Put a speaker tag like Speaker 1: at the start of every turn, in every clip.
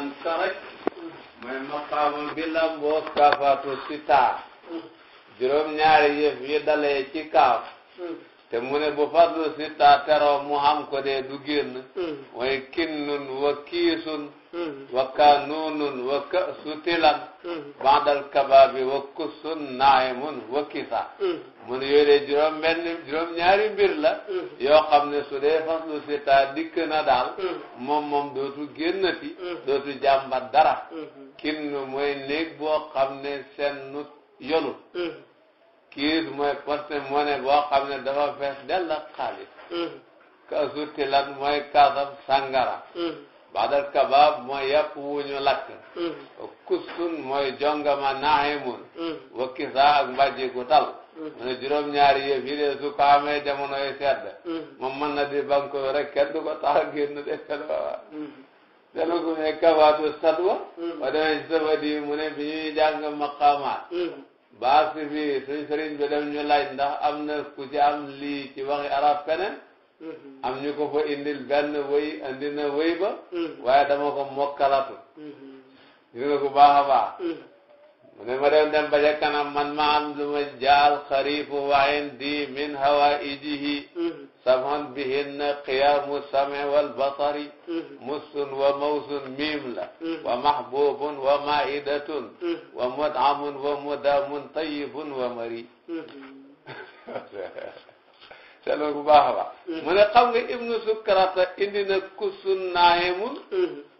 Speaker 1: an karaj mooy maqaama bi lamboo kafaatu sitaar juróom ñaari yëf yi dalee ci kaaf te mu ne bu fadlu si taa teroo mu xam ko dee du génn mooy hmm. kinnun wa kiisun hmm. wa kanuunun wa kasu tilan hmm. bandal kabaabi wa kusun naimun wa kisa mu ne dee juróom benn mbir la yoo xam ne su dee fadlu si taa dikk na daal moom moom dootu génnati dootu jàmbat dara kinnu mooy néeg boo xam ne seen nu yolut kiis mooy porte monnaie boo xam ne dafa fees dell ak xaalis kaasu tilat mooy kaasab sàngara baadal kabaab mooy yàpp wu ñu lakk mooy jongama naaximun wa kisaa ak mbàjji gu tal mu juróom-ñaari yëf yi su ko amee jamono yi sedd di banko rek kenn ko tax a génn de kadwawa dana ko ne kabaatu sadwa wa demee ci safa di mu ne bi ñuy jàng baa si bi dem ñu laaj ndax am na ku ci am lii ci waxi arab feneen mm-hmm. am ñu ko fa indil benn wëy andi na mm-hmm. waaye dama ko mokkalatu mm-hmm. gis nga ku baax a baax ne ma dem dem ba kanam man ma am lu ma jaal xarifu wa indi min hawa ijihi saman bihinna qiyaamu same wal basari mussun wa mawsun miim la wa mahbubun wa maidatun wa mud'amun wa mudamun tayyibun wa mari seloon bu baax a baax mu ne xam nga ibnu sukarata indi na kusun naahimun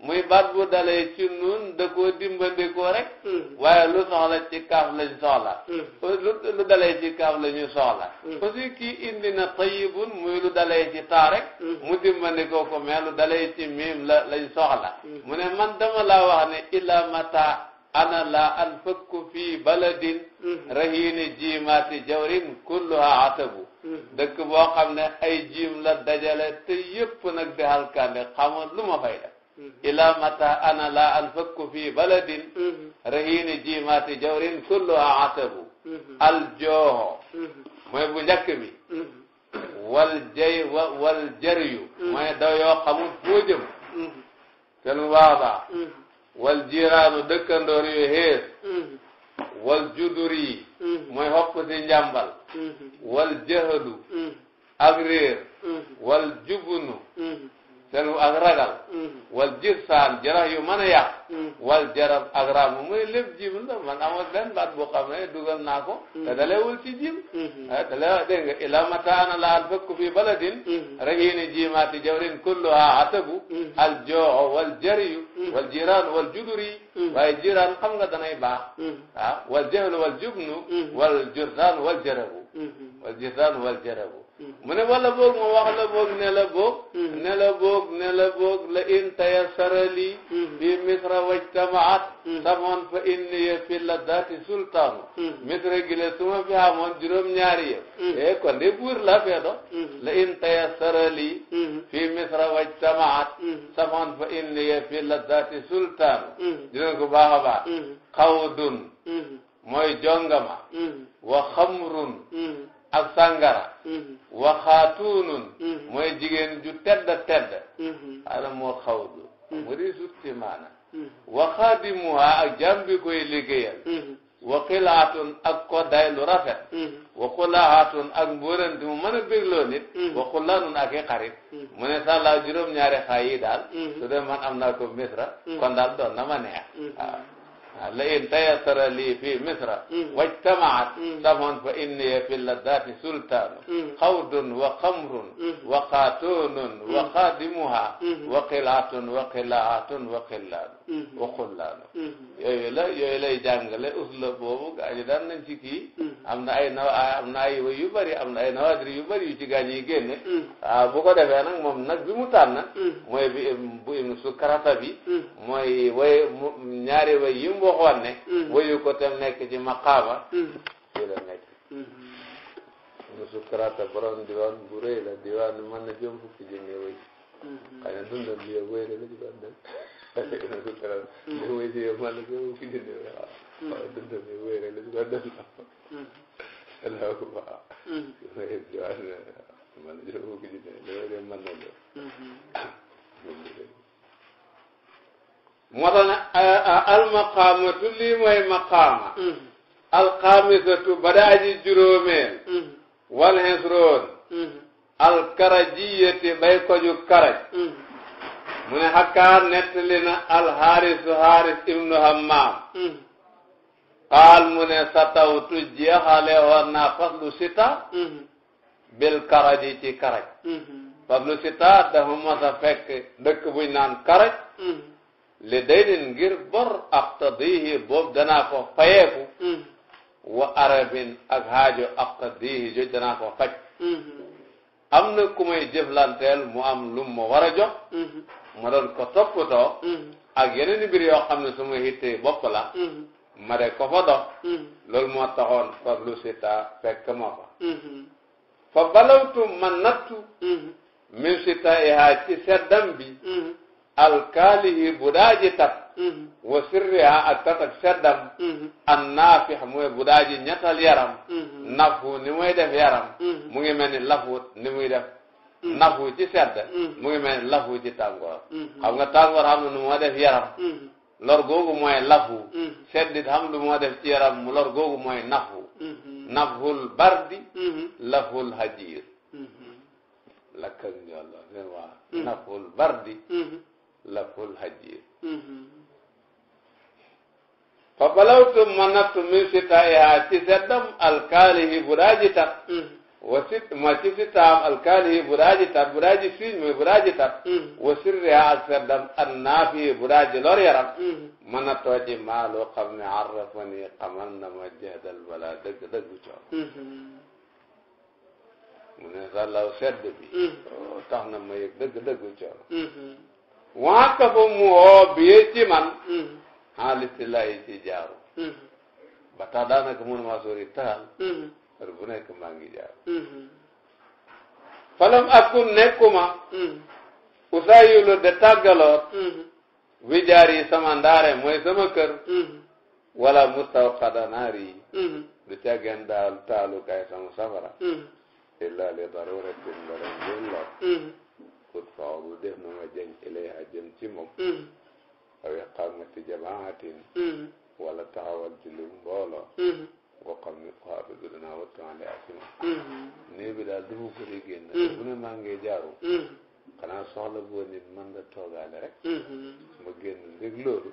Speaker 1: muy baat bu dalee ci nun da koo dimbandikoo rek mm-hmm. waaye lu soxla ci kaaf lañ soxla mm-hmm. lu lu ci kaaf la ñu soxla mm-hmm. aussi kii indi na tayibun muy lu dalee ci taa mu dimbandikoo ko mais lu ci miim la lañ soxla mu ne man dama laa wax ne ila mata ana la an fakku fii baladin rahini jiimaati jawrin kulluha atabu dëkk boo xam ne ay jiim la dajale te yépp nag di halkande xamul lu ma fay Mm-hmm. ila mata ana la anfakku fi baladin mm-hmm. rahini jimaati jawrin kulluha atabu mm-hmm. al joo mooy bu njëkk bi wal jay wal jariyu mooy daw yoo xamul foo jëm ten waaba wal jiraanu dëkkandoor yu xees wal judur yi mooy xopp si njàmbal wal jahalu ak réer wal jubunu selu ak ragal mm-hmm. a jirsaan jarax yu mën a yàq mm-hmm. wal jarab ak ram muy lépp jim man amul benn baat boo xam ne dugal naa ko mm-hmm. te ci jim ah dale dégg nga la al fakku fi baladin rahini jimaati jawrin kulluha atabu al joo wal jariyu wal jiraan wal juduri xam nga danay baax waaw ah wal jahlu wal jubnu wal Mm-hmm. mu ne wala boog ma wax la boog ne la boog mm-hmm. ne la boog ne la boog la in tayassara lii mm-hmm. bi misra wajtamaat samoon fa inni fi la daati sultaanu misra gi le su ma fi amoon juróom-ñaari yëpp e eh kon de buur la fee do la in tayassara lii fi misra wajtamaat samoon fa inni fi la daati sultaanu dinañ ko baax a baax xawdun mooy jongama wa xamrun ak sàngara mm-hmm. wa xaatuunun mm-hmm. mooy jigéen ju tedd tedd mm-hmm. ala moo xawdu mu di sutti maana wa xaadimuha ak jàmbi koy liggéeyal wa xilaatun ak ko day lu rafet wa xulaatun ak mbóorante mu mën a bégloo nit ak i xarit mu ne sàllaa juróom-ñaari xaa daal su dee man am naa ko misra kon na ma neex waaw la in tayassara lii fii misra wajtamaat samoon fa inni fi laddaati sultaanu xawdun wa xamrun wa xaatoonun wa xaadimuha wa qilaatun wa qilaatun wa qillaanu Mm-hmm. waxul laa la. Mm-hmm. yooyu la yooyu lay jàngale usla boobu gaañ yi daan nañ ci kii. Mm-hmm. am na ay nawa na ay way yu bëri am na ay nawaadir yu bëri yu ci gaañ yi génne. ah bu ko moom nag bi mu tànn. mooy bi bu su karata bi. mooy way mu ñaari way yi mu waxoon ne. wayu ko tam nekk ci maqaama. ci la nekk. mu su karata borom diwaan bu rëy la diwaan mën na jëm fukki way.
Speaker 2: xëy mm-hmm. na dundal bi
Speaker 1: yow wéy la ci doon def na du teral li wéy si yow man la yow ki dindi waaw mm-hmm. waaw dundal bi wéy la ci doon def mm-hmm. allahu ba wéy jiwaat na man la yow ki dindi li wéy man la yow moo tax nag almaqaamatu lii mooy maqaama alxaamisatu badaaji juróomeel wal hesroon alkarajiyati bay ko ju karaj mm. mu ne xakkaa nettali na alxaarisu xaaris ibnu hammaam mm. qaal mu ne satawtu jeexale woon naa faslu sita mm. bil karaji ci karaj faslu sita dafa mas a fekk dëkk buñ naan karaj li day din ngir bor aqtadihi boobu danaa ko fayeeku wa arabin ak haajo aqtadihi joj danaa ko faj am na ku may jëflanteel mu am lum ma war a
Speaker 2: mm-hmm.
Speaker 1: ma doon ko toppatoo mm-hmm. ak yeneen mbir yoo xam ne suma hittee bopp mm-hmm. ma de ko fa dox loolu moo taxoon farlu sita fekk ma fa fa balawtu ma nattu min sita ihaa ci seddam bi alkaalihi bu daaji tab Mm-hmm. wa sirriha ak tatak seddam mm-hmm. an mooy bu ñettal yaram mm-hmm. nafu ni muy def yaram mu ngi mel ni lafu ni muy def nafu ci sedd mu ngi mel ni lafu ci tàngoor xam nga tàngoor xam moo def yaram
Speaker 2: lor googu mooy lafu
Speaker 1: seddit xam lu moo def ci yaram mu lor googu mooy nafu naful bardi laful hajiir lakkag njollo seen waa bardi laful hajiir fa balawtu manattu min sitaayiha ci seddam alkaalihi budaaji tat wasit ma ci sitaam alkaalihi budaaji tat budaaji siiñ mooy budaaji tat wasirriha ak seddam annaafi budaaji lor yaram manattoo ci maa loo xam ne arrafani xamal na ma jeexdal balaa dëgg dëggu coono mu ne sallaw sedd bi tax na ma yëg dëgg dëggu coono waaka fa mu woo biyee ci man xaalitilaayi ci jaaru mm-hmm. ba tax daanaka mënuma sori taal mm-hmm. heure bu nekk maa ngi jaaru mm-hmm. falam akun nekkuma usaayulu de tàggaloot wi jaar yi sama ndaare mooy sama kër wala mustawqada naar yi du càggeen daal taalukaay sama safara illa li daruratin dara ngeen lor ut faaw bu def na ma jëng ilayha jëm ci moom aw iqaamati jamaatin mm-hmm. wala taxawal julli mbooloo mm-hmm. boo xam ne xaafi bi danaa wattumaale ak ma mm-hmm. néeg bi daal dumu ko di génn bu ne maa ngi jaaru xanaa soxla boo nit mën da toogaale rek ma génn ndég loolu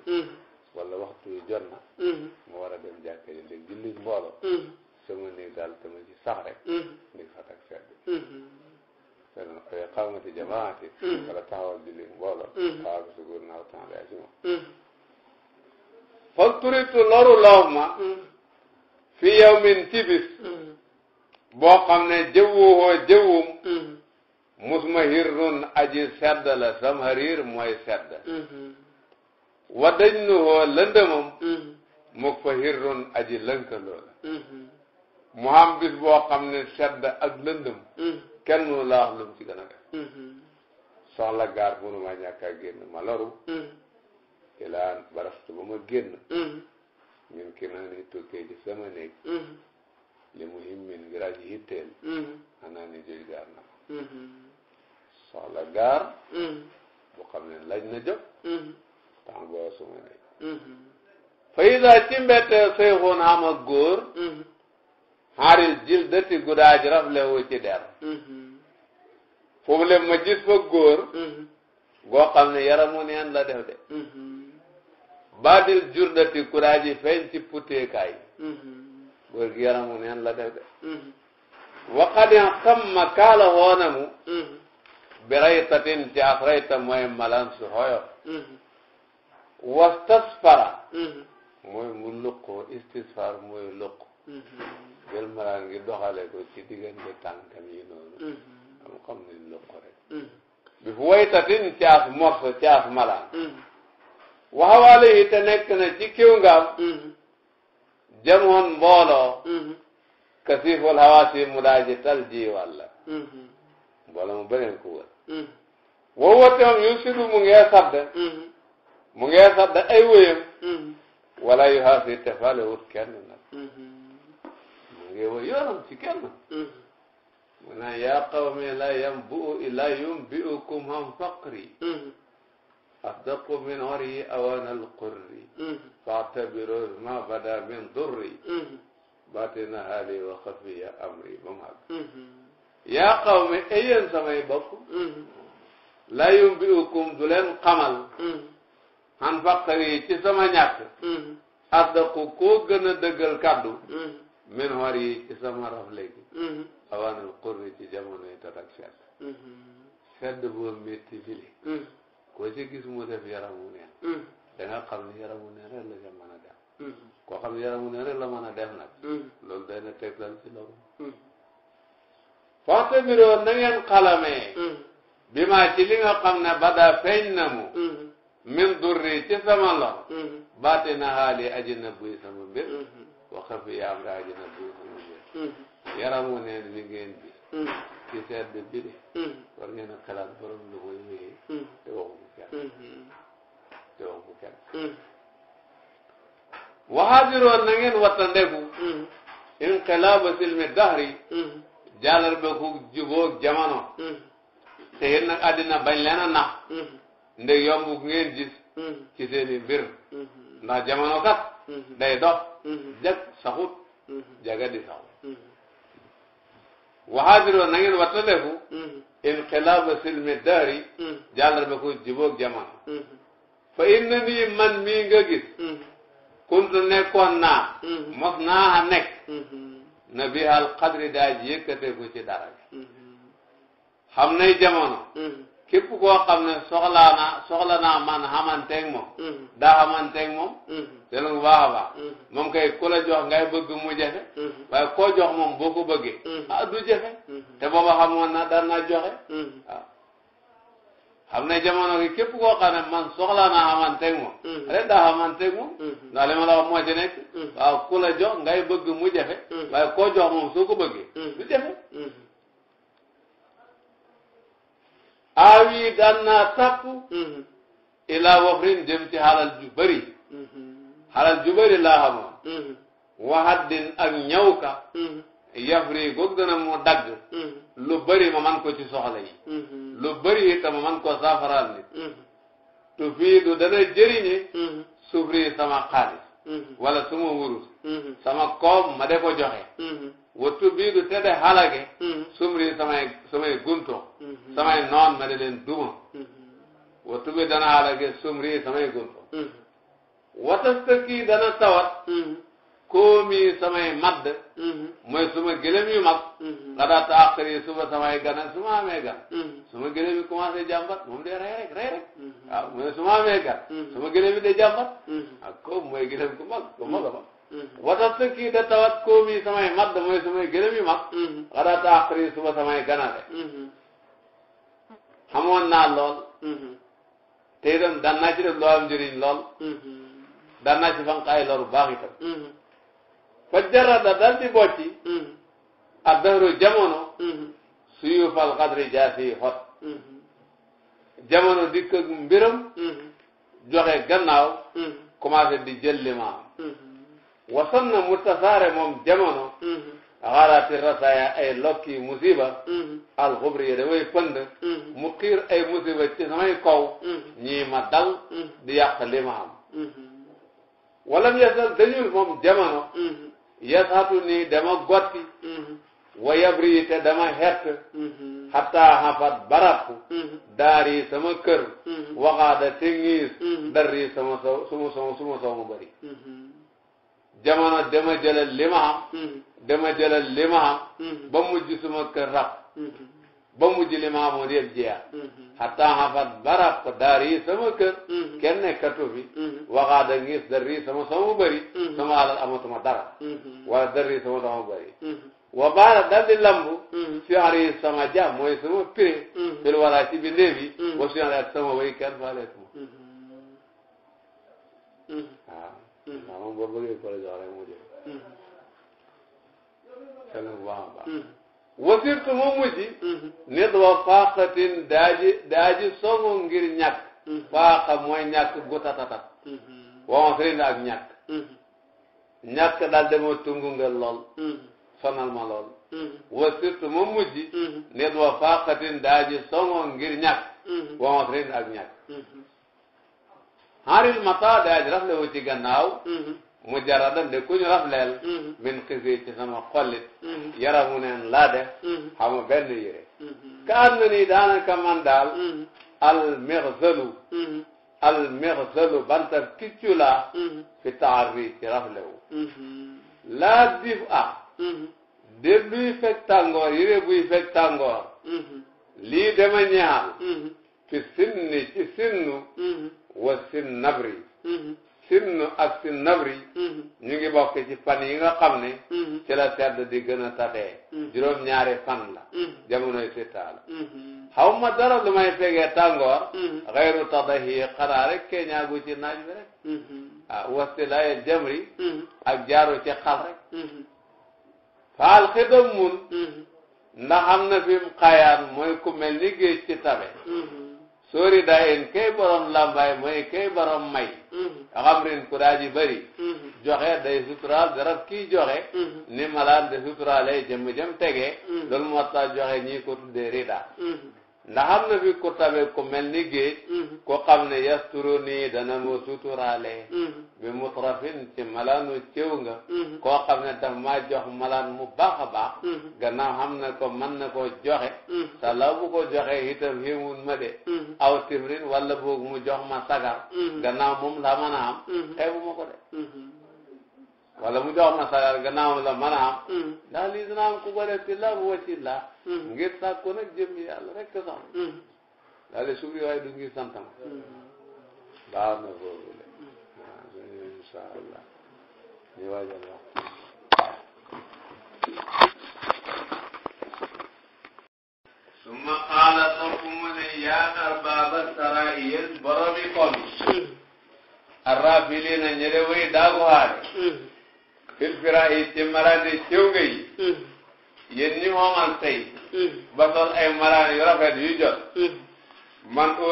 Speaker 1: wala waxtu wi jot na ma war a dem jàkka ji ndég julli mbooloo sama néeg daal dama ci sax rek ndég fatak sedd e iqamati jamaati walla taxawal ma fi yawmin ci bis boo xam ne jëwuhoo jëwum musmahirun aji sedd la samharir mooy sedd mm-hmm. wadajnuhoo lëndëmam mm. mukfahirun aji lënkaloo la mu xam bis kenn mënu laa wax mu ci gën a mm-hmm. la soxla gaar mënu ma ñàkk a génn ma loru mm-hmm. ilaan barastu ba ma génn min mm-hmm. ki naa ni li mu himmin ngir aji hitteel xanaa ni jëy gaar na ko soxla gaar bu xam ne laaj na jóg temps boo suma néeg fa ida ci mbette seyxoon am ak góor xaaris jildati guddaaj raflewu ci der foofu le ma gis fa góor goo xam ne yaramu neen la def de baadil jurdati guddaaj yi feeñ ci puteekaay góor gi yaramu neen la def de waxadeen xam ma kaala hoonamu bi raytatin ci ak rayta mooy malaan su hoyo wastasfara mooy mu luqoo istisfar mooy luq jël malaan gi doxale ko ci diggante tànkam yi noonu mm-hmm. am xam ne lëpp ko rek mm-hmm. bi fu waytatin caas morso caas malaan mm-hmm. waxawaale yi te nekk na ci kiw ngaam jamoon mbooloo kasiiful hawaasi mu daa ji tal ji wàlla mbooloo mu beneen ko wër woo woote moom yu sidu mu ngee sadda mu ngee sadda ay wéyam wala yu haasi te faale wut kenn nag ngi woy yoonam yaa qawmi la yanbu'u illa faqri asdaqu min ori awana alqurri faatabiru batina haali wa xafiya amri ba mu yaa qawmi ayéen samay la yunbi'ukum du leen xamal an faqri ci sama ñàkk asdaqu koo gën a dëggal kàddu min war mm-hmm. yi ci sama raf léegi awaanal xurbi ci jamonoy tat ak fedd
Speaker 2: mm-hmm.
Speaker 1: fedd boo métti bile mm-hmm. koo ci gis mu def yaramu neen da nga xam a def koo xam ne yaramu rek la mën a def nag loolu na tegtal ci loolu forte biroo na ngeen xalamee bi maa ci li nga xam ne bada feeñ na mu min durri ci sama lor baati na xaali aji na buy sama mbir waxaf yi am daa ji nag buñ ko mujjee yaramu neen bi ngeen mm-hmm. bi ci sedd bi de mm-hmm. war ngeen a xalaat borom lu koy wéyee mm-hmm. te waxu bu te waxu bu kenn
Speaker 2: na ngeen wattandeku
Speaker 1: inqilaaba silmi dahri jàllar ba ku jubóog jamono te yéen nag àddina bañ leen a nax ndeg yomb ngeen gis ci seen i mbir ndax jamono kat day jag saxut jaga di saxut waxaadiro na ngeen wattaleku inqilaaba silmi daari ba ko jubóog jamono fa inna nii man mii nga kuntu nekkoon naa mos naa a nekk na bi al qadri daa ji yëkkateeku ci dara bi xam képp koo xam ne soxlaa naa soxla naa man xamanteeg moom mm-hmm. daa xamanteeg moom mm-hmm. te lu baax a baax mm-hmm. moom kay ku la jox ngay bëgg mu jafe waaye koo jox moom boo ko bëggee ah du jafe te booba xamoon na daan na joxe waaw xam ne jamono gi képp koo xam ne man soxlaa naa xamanteeg moom rek daa xamanteeg moom ndax li ma la wax moo ci nekk waaw ku la jox ngay bëgg mu jafe waaye koo jox moom soo ko du jafe aawi daan naa sàpp ilaa wafrin jëm ci xalal ju bëri xalal ju bëri laa xamoon waxaddin ak ñaw yafri goog dana mu dagg lu bëri ma man ko ci soxla yi lu bëri itam ma man ko saafaraal nit tu du dana jëriñe sufri sama xaalis wala suma wurus sama koom ma de ko joxe wattu bii du tedde halage sumri samay samay gunto samay noon ma di leen duma wattu bi dana halage sumri samay gunto watastaki dana tawat koomi samay madd mooy suma gëlëm yu mag nga daa ta àqar samay gana suma amee gan suma gëlëm yi de rey rek suma amee gan suma gëlëm de jàmbat ak koomu mooy gëlëm ku mag watat sa kii da tawat koo mi samay mat da mooy samay gërëm yu mag xada suba samay ganale xamoon naa lool te itam daan naa ci def loo am lool daan naa ci fan baax bocci ak dahru jamono suyu fal xadri jaasi xot jamono dikk ak mbiram joxe gannaaw commencé di jël limaam wasan na mu tasaare moom jamono. Mhm. xaaraati rasaaya ay lokki musiba. Mhm. alxubri yi dafay pënd. Mhm. mu xiir ay musiba ci samay kaw. ñii dal. di yàq li walam yasal dañul moom jamono. yasatu nii dama gotti. wa yabri yi te dama xett. xataa xafat barab. daar kër. waxaada te ngiis. dar yi sama sama sama sama jamono dama jëlal li ma am hmm. dama jëlal li hmm. ba mujj suma kër rab hmm. ba mujj li ma amoon yëpp hatta hafat barab ko daar yi sama kër kenn nekkatu fi waxaa ngis darri sama sama bëri sama alal amatuma dara wala darri sama sama bëri wa baara lambu fiar yi sama jàmm mooy sama pré fil wala ci bindee bi wa fiar ak sama way kenn faaleetuma waaw ndax moom boo bëggee ko la jox rek mu daaji daaji sogo ngir ñàkk faaqa mooy ñàkk gu tatatat waon sërin ak ñàkk ñàkk daal dama tungu nga lool sonal ma lool hmm. wasirtu mu mujj hmm. nit wa faqatin daaji sogo ngir ñàkk waon ak ñàkk hmm. xaaril mata daaj raflewu ci gannaaw mujaradan de ku ñu rafleel min xisi ci sama xollit yaramu neen laa def xama benn yére ka am na nii daanaka man daal almexzalu almexzalu bantab kiccu laa fi taarri ci raflewu laa dif ah de luy fekk tàngoor yére buy fekk tàngoor
Speaker 2: lii dama ñaal
Speaker 1: fi sinnu wa sin nabri mm-hmm. sin nabri mm-hmm. ñu ngi ci fan yi nga xam ne mm-hmm. ci la sedd di gën a tatee juróom-ñaari fan la jamonoy sitaa la xaw ma dara lu may fegee tàngoor xayru tadahi xanaa rek kee ñaagu ci naaj bi rek ah wasilaye jamri ak jaaru ci xal rek faal xidam mun ndax na fi mu xayaan mooy ku mel ni géej ci tabe sóori daa in kay borom làmbaay mooy kay borom may mm-hmm. xam rin ku daa ji bëri mm-hmm. joxe day suturaal darab kii joxe mm-hmm. ni malaan de suturaale jëm jëm tege loolu moo tax joxe ñii ko rida ndax am na fi ku tabe ku mel ni géej mm-hmm. ku xam ne yasturu nii dana ma suturaale mm-hmm. bi mutrafin ci malaanu cëw nga mm-hmm. koo xam ne daf maa jox malaan mu baax a baax gannaaw xam na ko mën na koo joxe te la bu ko joxe itam xéemun ma de aw timrin wala boog mu jox ma sagar gannaaw moom la mën a am xeebu ko de wala mu jox ma sagar gannaaw la mën a am ndax lii ku ko def ci la bu wa la Hmm. ngir sàkku nag jëm yi yàlla rek te sax hmm. daal di suuf waaye du ngir santam hmm. baax na boobu de waaw suñu incha allah ñu waajal wax summa qaala topp mu ne yaa arbaaba saraa yéen boromi kon arraafiliina ñi de way daagu haare fil firaa yi ci marade ciw nga yi yéen ñi moomal tey hmm. ba sol ay malaan yu rafet yu jot hmm. man ko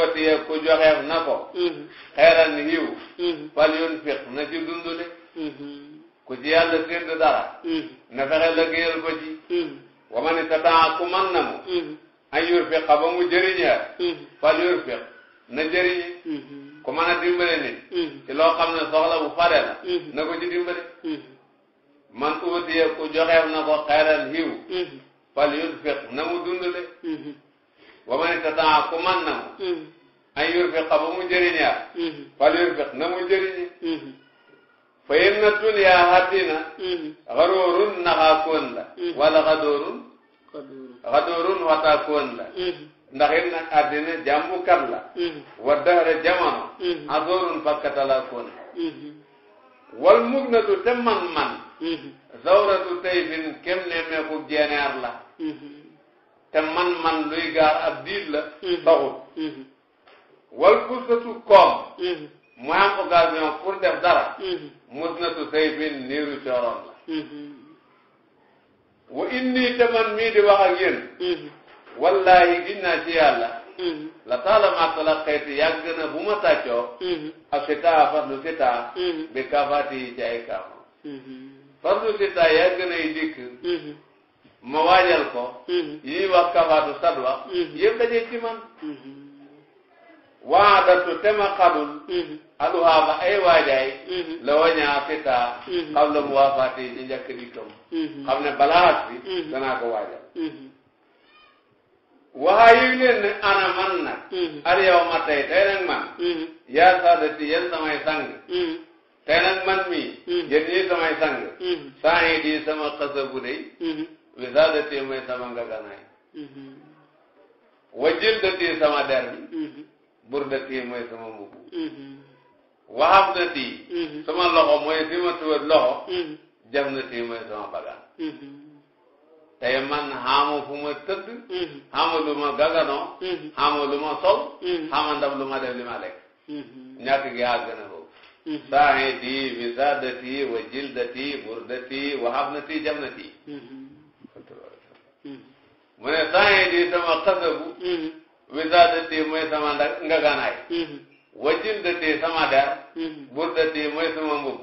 Speaker 1: ku joxeef na ko hmm. xeeran xiiw fal yun fiq na ci dundule ku ci yàlla sédd dara na fexe lëggéeyal ko ci wa man istataa ku man na mu an yur fiq ba mu jëriñeer fal yur fiq na jëriñi ku mën a ci loo xam ne soxla bu fare la na ko ci dimbale man uutiye ku joxeef na ko xeeral hiw mm-hmm. fal yunfiq na mu dundale mm-hmm. wa man istataa ku man na mu mm-hmm. an yunfiqa ba mu jëriñaa fal yunfiq na mu jëriñe fa inna dunya haddina xaroorun naxaa koon la wala xadoorun xadoorun wataa koon la ndax it nag àddina jàmbukat la wa dahra jamono adoorun fakkata laa koon wal mug na du te man-man Mm-hmm. zawratu tayfin kem nemmeeku jeeneer la mm-hmm. te man man luy gaar ab diit la mm-hmm. taxul wal fursatu koom mu am occasion pour def dara musnatu sayfin niiru cooroon la wa inni te man mii di wax ak yéen wallahi giñ ci yàlla la taalama talaqaytu yàgg na bu ma tàccoo a fitaa fatlu fitaa bi kafaati yi ci ay fardu sitta yàgg nay dikk mhm. ma waajal ko mhm. yi ñuy wax kafaatu sadwa mhm. yëpp daje ci man waadatu tema xadul aluhaa ba ay waajaay la wañaa fitaa xam la mu waafaati yi ñu njëkk dikkam xam ne balaas bi danaa ko waajal waxaa yi leen ne ana man nag al yow ma tey tey nag man yaa saadati yéen samay sang tey nag man mii. Hmm. yéen ñii samay sang. Hmm. saa yi di sama xasa bu dey. Hmm. wisaadati mooy sama ngaganaay. wajildati sama der bi. burdati mooy sama mbubu. waxamdati. sama loxo mooy si ma tuwat loxo. jamnati mooy sama bagaan. tey man xaamu fu ma tëdd. xaamu lu ma gaganoo. xaamu lu ma sol. xaamu ndam lu ma def li Mhm. saahidi misaadati wa jildati burdati wa habnati jamnati mhm. mu ne saahidi sama xasabu misaadati mhm. mooy sama ngaganaay wa jildati sama der burdati mooy sama mbubb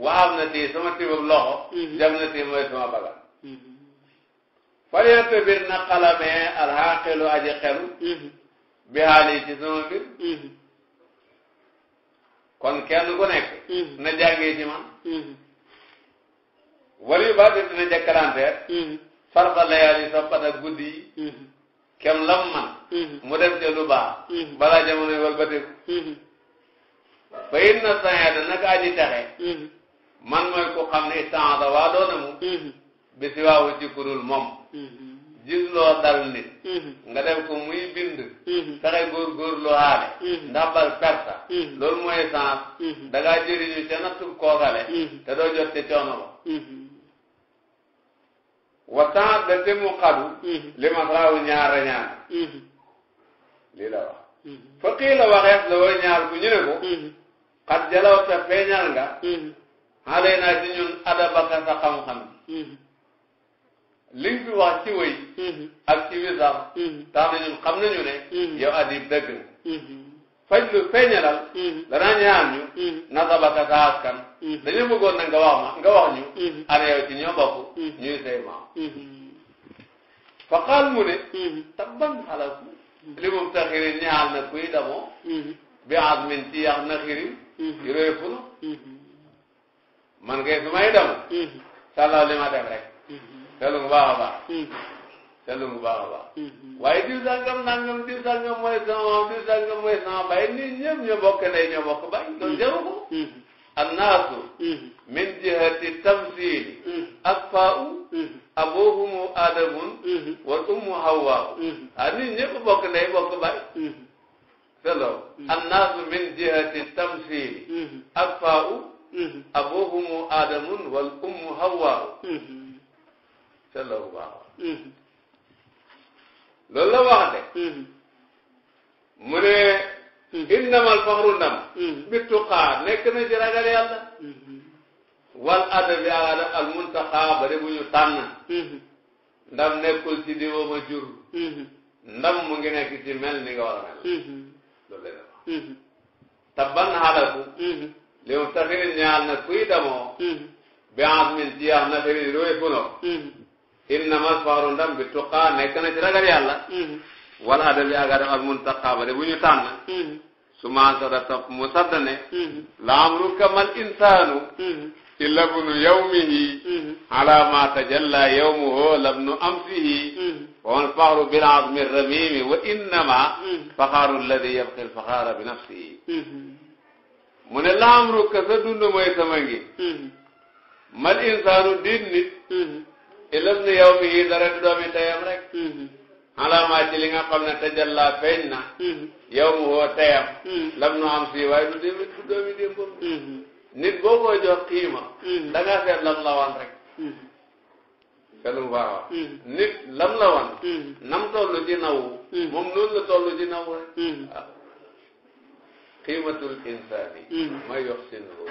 Speaker 1: wa habnati sama tibab loxo jamnati mooy sama bagal falyante bir na xalamee alxaaqilu aji xelu ci sama mbir kon kenn ku nekk. Mm-hmm. na jàngee ci man. Mm-hmm. wala yu baax dina jëkkalanteer. farqa mm-hmm. layaali soppata guddi yi. kem lam man. mu def ca lu baax. balaa jamono yi walbatiku. fa inna saada naka aji texe. man mooy ku xam ne saada waa doona mu. bisiwaawu ci kurul moom. gis loo dal nit mhm. nga def ko muy bind mhm. fexe góorgóorlu haale mhm. ndàmbal perta loolu mooy sens da ngaa jëriñu ca nattub kookale te doo jot ca coono ba wa temps da te mu li ma raaw ñaara ñaar lii la wax fa kii la waxees la wooy ñaar ku ñu ne ko xat jalaw te feeñal nga xaalee naa ci ñun adabaka sa xam-xam li fi wax ci wëy mm-hmm. ak tax mm-hmm. na ñun xam nañu ne mm-hmm. yow adib dëgg nga faj lu feeñalal danaa ñaan ñu nasabaka sa askan dañu bëggoon na nga wax ma nga wax ñu ana yow ci ñoo bokk ñuy say maam fa xaal mu ne tabban xalaku li mu taxiri ñaal na kuy damoo bi azmin ci yax na yu roy man kay su may dem sàllaw li ma rek seetlu bu baax a hmm. baax. seetlu bu baax a baax. Hmm. waaye diw sangam nangam diw sangam mooy sama maam diw sangam mooy sama baay nit ñëpp ñoo bokk ndey ñoo bokk baay. loolu hmm. jaru ko. annaasu. min jihati tamsil. akfaau. abuhumu aadamun. wal ummu hawwaa. ah nit ñëpp bokk ndey bokk baay. seetlu annaasu min jihati tamsil. akfaau. abuhumu aadamun wal ummu hawwaa. seetlu bu baax loolu la wax mm-hmm. mu ne mm-hmm. innamal faxru ndam mm-hmm. bittuqaa nekk na ci ragal yàlla wal adabi ala al muntaqa bari bu ñu tànn ndam nekkul ci diwa ma jur ndam mu ngi nekk ci mel ni nga war a mel loolu la wax tabban halaku li mu tafirin ñaal na kuy damoo bi azmin ci yax na firin roy kuno innamal faaru ndam bi tuqaa nekk na ci ragal yàlla. Mm-hmm. wal adabi ak adab al muntaqa ba de bu ñu tànn. Mm-hmm. su ma sada topp mu sadda ne. Mm-hmm. la amruka mal insaanu. illa bunu yawmihi. ala ma tajalla yawmuhu labnu amsihi. wa mal faaru bil azmi ramimi wa innama. faxaaru alladi yabqi al faxaara bi nafsihi. mu ne la amruka sa dund mooy sama ngi. mal insaanu diin nit. ilam ni yow mi yi dara du doomi tayam rek mm-hmm. alamaa ci li nga xam ne tajalla feeñ na yow mu woo tayam mm-hmm. lam nu am si waaye du doomi du doomi démbam mm-hmm. nit boo ko jox xiima da nga lam la wan rek selum baawa nit lam la wan nam toll ci nawu moom noonu la toll ci nawu rek qiimatul ah. insaani ma yoxsinuhu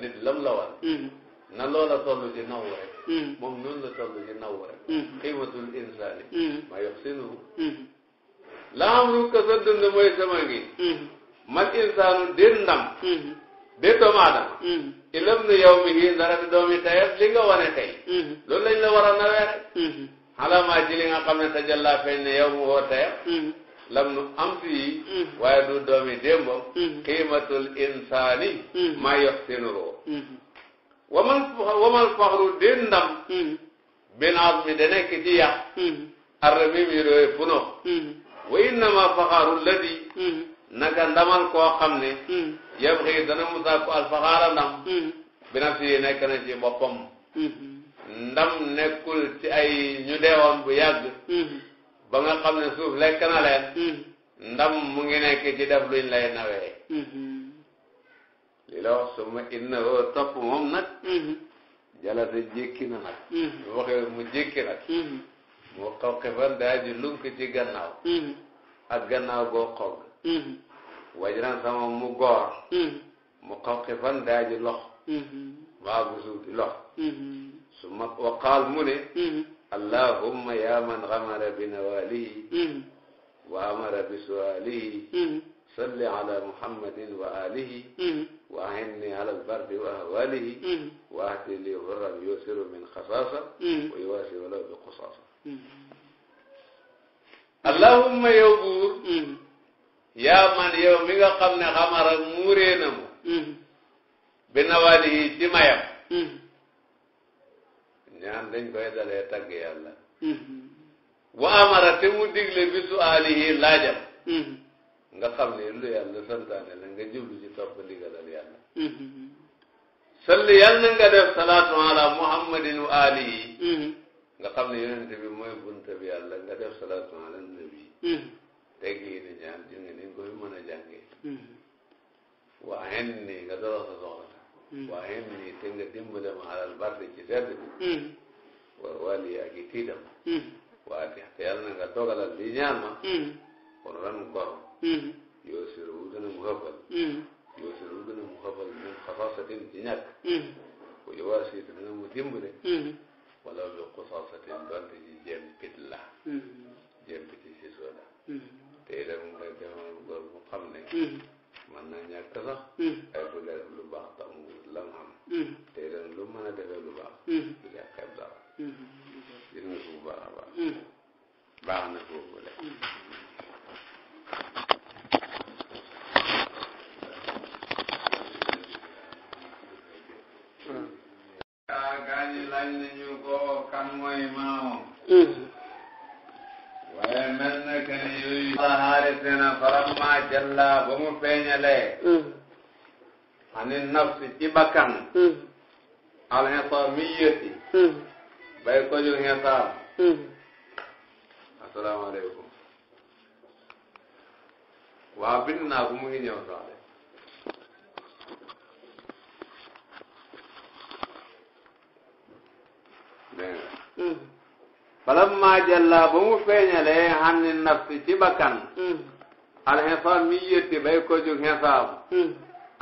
Speaker 1: nit lam la wan na loola toll ci naw rek. Mm. moom noonu la toll ci naw rek. xiimatul mm. insaani. Mm. ma yoxsinuhu. laa am lu sa dund mooy sama ngi. man insaanu déet ndam. déet doomu ilam ne yow mi ngi dara di doomi li nga wane tey. loolu lañ la war a nawee rek. xalaamaa ci li nga xam ne tajalla feeñ ne yow woo tayet. lam nu am fii. waaye du doomi démbam. xiimatul insaani. ma yoxsinuhu. wamal wamal faxru den ndam bin hmm. azmi da nekk ci yàq hmm. arrami mi roye puno hmm. wa innama faxaru ladi naka ndamal koo xam ne yam xii dana mu sàkku alfaxaara ndam bi naf si na ci boppam ndam nekkul ci ay ñu deewoon bu yàgg ba nga xam ne suuf lekk na leen ndam mu ngi nekk ci def luñ lay nawee li la wax suma inna hoo topp moom nag jalasa jékki na nag bu waxee mu jékki nag mu xaw xefan daa ji lunk ci gannaaw ak gannaaw goo xog wajran sama mu goor mu xaw xefan daa ji lox maa gu suuf di lox su ma waqaal mu ne allahumma yaa man xamara bi nawaalihi wa amara bi suwaalihi salli ala muhammadin wa alihi وأعني على البر وأهواله وأهدي لي غرا يؤثر من خصاصة ويواسي ولو بقصاصة
Speaker 2: اللهم yow
Speaker 1: buur yaa man yow mi nga xam ne xamara muuree na mu bi nawaali yi ci mayam ñaan dañ koy dalee tagg yàlla wa amara te mu digle bi su aali yi laajam nga xam ne lu yàlla santaane la nga jublu ci topp ndigalal Mm-hmm. salli yal na nga def salaatu ala muhammadin wa alihi nga xam ne yonente bi mooy bunta bi yàlla nga def salaatu ala nabi tegg yi ni ñaan ji nga ni koy mën a jàngee waaxen ni nga doro sa soxla waaxen ni te nga dimbale ma alal bardi ci sedd bi war wali ak i tiidam waa tex te yàlla na nga dogalal li ñaan ma kon ran kor yoo sir wu dana mu xëppal yow si lu a mu xabal min xasaasatin ci ñàkk. bu yowaas yi dana mu dimbale. wala lu xasaasatin donte ci jéem pit la. jéem pit ci soo la. te itam nga demal góor bu xam ne. mën naa ñàkk sax. ay bu def lu baax tax mu la mu te itam lu mën a defee lu baax. du ca xeeb dara. gis bu baax a baax. baax na foofu rek. xam mooy maamam hmm. waaye mel na que ni yooyu xaaris ne na faramma jalla ba mu feeñalee hmm. ani nafsi ci bakkan hmm. al xisaamiyati bay ko ju xisaam asalaamaaleykum waa bind naa ko mu ngi ñëw sax dégg mm-hmm. nga falamma jalla ba mu feeñalee xam ni nafsi ci bakkan mm-hmm. alxisaab mi yëtti bay ko jug xisaab mm-hmm.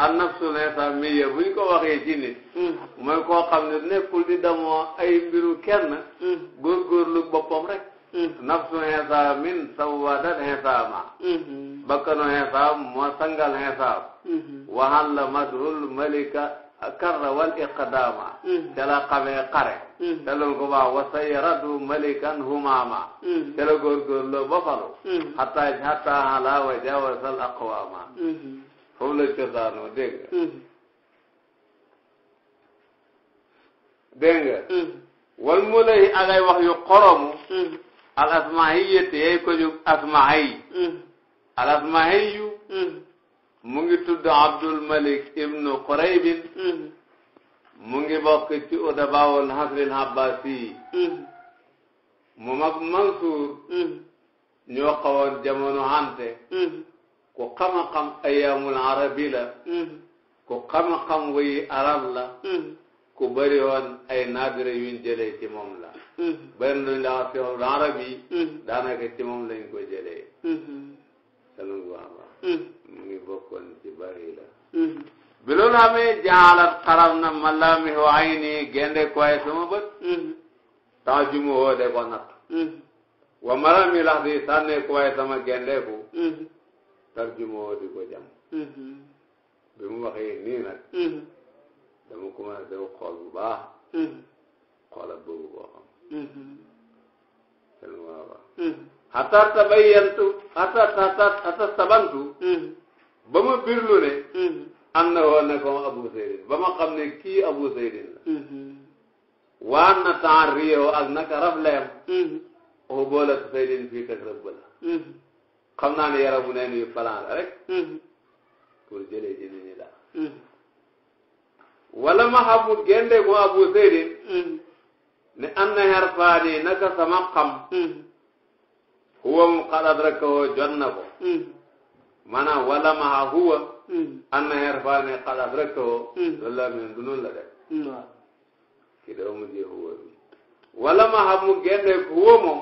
Speaker 1: al nafsul xisaab mi yë buñ ko waxee ci nit mooy koo xam ne nekkul di demoo ay mbiru kenn góorgóorlu boppam rek nafsul xisaab sawadat xisaaba bakkanu xisaab moo sangal xisaab waxal madhul malika karra wal iqdama ca hmm. la xamee xare hmm. ko baax wa sayratu malikan humama ca hmm. la góorgóorloo ba falu hatta hatta hala wa jawasal aqwama foofu la cosaanoo dégg nga wal mu agay wax yu al asmahiyyati yay ko jug asmahiy al asmahiyu mu ngi tudd Abdul Malik ibnu Quraybin mm-hmm. mu ngi bokk ci udabaawul hasril abbasi mm-hmm. mu mag Mansuur mm-hmm. ñoo xawoon jamono hante ku xam-xam ayaamul arabi ku xam-xam wayi arab ku bëri ay naadira yuñ jëlee ci moom la bëri luñ la wax ci moom arab yi daanaka ci moom lañ ko jëlee mu ngi bokkoon ci hmm. jaalat xarab na malaami hu ayni gende koy sama bët hmm. temps ju mu woo de ko natt hmm. wa malaami lax bi mu waxee nii nag dama commencé xool bu baax xoolat boobu ba ma birlu ne mm-hmm. am na woon ne abu seydin ba ma xam ne kii abu seydin la
Speaker 2: mm-hmm. waan na temps rio ak
Speaker 1: naka rafleem o mm-hmm. boole seydin fii tak rëbb la xam naa ne yaramu neen yu falan rek pour jëlee ji nit ñi daal wala ma xamu gende ko abu seydin ne am na xer faani naka sama xam huwa mu xalaat rek ko jot na ko maanaam wala maa huwa. an hmm. hmm. hmm. na herfaa ne xalaat rek too. loolu laa la def. waaw kii dafa huwa bi. wala maa xam mu génne huwa moom.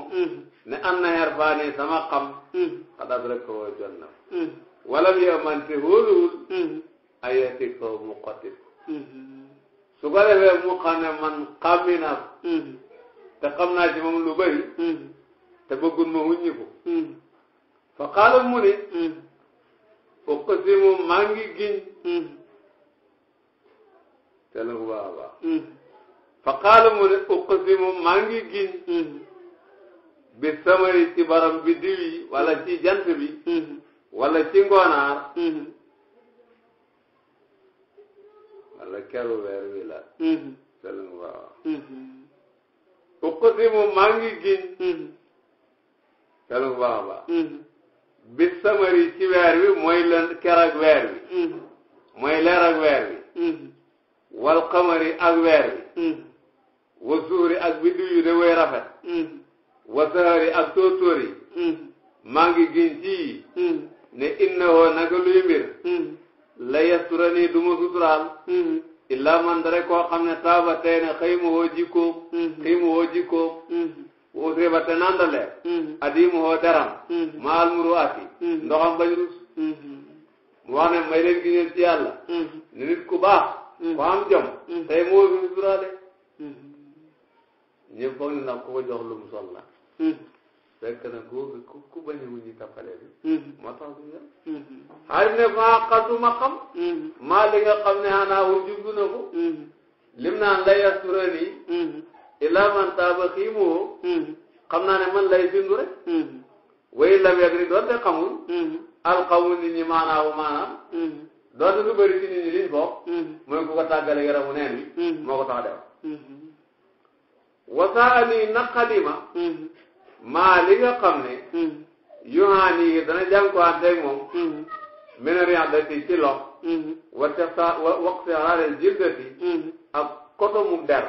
Speaker 1: ne an na herfaa ne sama xam. xalaat rek too jot na. wala mu yow man ay yati ko mu xotti. su ko mu xam man xàmmi naa ko. te xam naa ci moom lu bëri. te bëggul ma ko. fa xaaral mu ne. uqsimu maa ngi giñ te la waaba fa qaala mu ne uqsimu maa ngi giñ bi samari ci baram bi diw yi ci jant bi wala ci ngonaar wala keru weer wi la te la waaba uqsimu maa ngi giñ te la waaba bi samari ci weer wi mooy lënd ker ak weer wi mm-hmm. mooy leer ak weer wi mm-hmm. wal xamari ak weer wi mm-hmm. wa ak biddiw yu de way rafet wa sahari ak tóotóor yi maa ngi giñ ci yi ne innahoo naka luy mbir la yastura nii du ma suturaal illaa man dara koo xam ne taaba tey ne xëy ma woo jikkoom xëy wuusee ba te nandalee. Mm-hmm. adimu hoo daram. Mm-hmm. maal muru ati. Mm-hmm. ndoxam bañ rus. mu wax ne may leen giñeen ci yàlla. am jom. tey moo fi mu suraale. ñëpp foog ne ndax ku ko jox sol la. fekk na góob ku ku bañ a wuññi tapale bi. moo tax du ñu xarit ne ma xam. maa li nga xam ne xanaa wujj na ko. lim naan lay illaa man taaba xiimoo hmm. xam naa ne man lay bindu rek hmm. way lam yag ri doonte xamul hmm. alxawmu nit ñi maanaawu maanaam doonte lu bëri ci nit ñi liñ bokk mooy ku ko tàggale yaramu neen wi moo ko tax def wasaani naqadima maa li nga xam ne yohaani dana jànkuwanteeg moom mene rien dati ci lox wa tefta wa waqti xaarel jildati ak koto mu der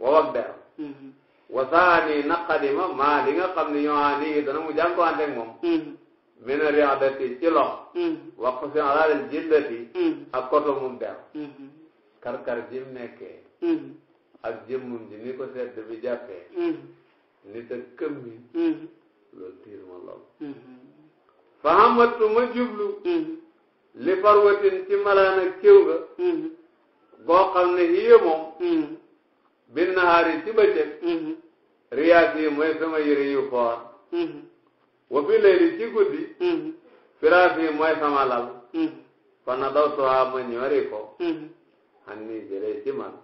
Speaker 1: wowak deram mm-hmm. wasaani naqadima maa li nga xam ne yohaani dana mu jànkuwante mm-hmm. mm-hmm. ak moom min riadati ci lox wax ko si alaalal jildati ak koto mum der karkar jim nekkee ak jëmmum ji ni ko sedd bi jàppee nit ak këmmi loolu tiir ma lool fahamatu ma jublu li farwatin ci malaan ak cëw ga goo xam ne hiya moom bin nahaari ci bëccëg mm-hmm. riyaas yi mooy sama yëre yu foor mm-hmm. wa fi leyli ci guddi mm-hmm. firaas yi mooy sama lal fa na daw sohaa ma ñoori ko han ni jëlee ci man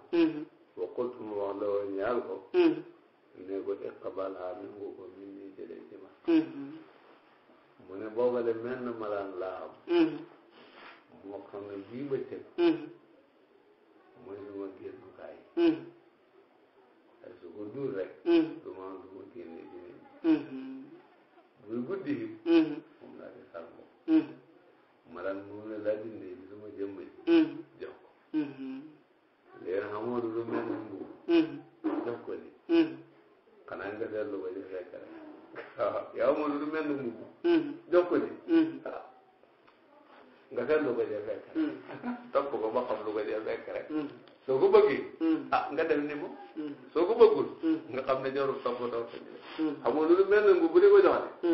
Speaker 1: wa qultu ma wax la woon ñaal ko ne ko iqbal haa min ngu ko min ni jëlee ci man mu ne boobale mel na malaan laa am moo xam ne bii bëccëg mooy sama génnukaay ko duul rek. Mm. du ma du ma génne ci nit ñi. muy guddi gi. Mm-hmm. moom laa di sàngoo. maanaam moom la laa dindee ci sama jëmm ji. Mm-hmm. jox ko. Mm-hmm. léegi xamoo du lu mel ni mbuur. jox ko ni. xanaa nga dellu ba ñu fekk rek. waaw yow moom lu mel ni mbuur. jox ko ni. nga seetlu ko jëfee. topp ko ba xam lu ko yoru toppatoo xam nga lu mel ne nguur bu dee ko joxati.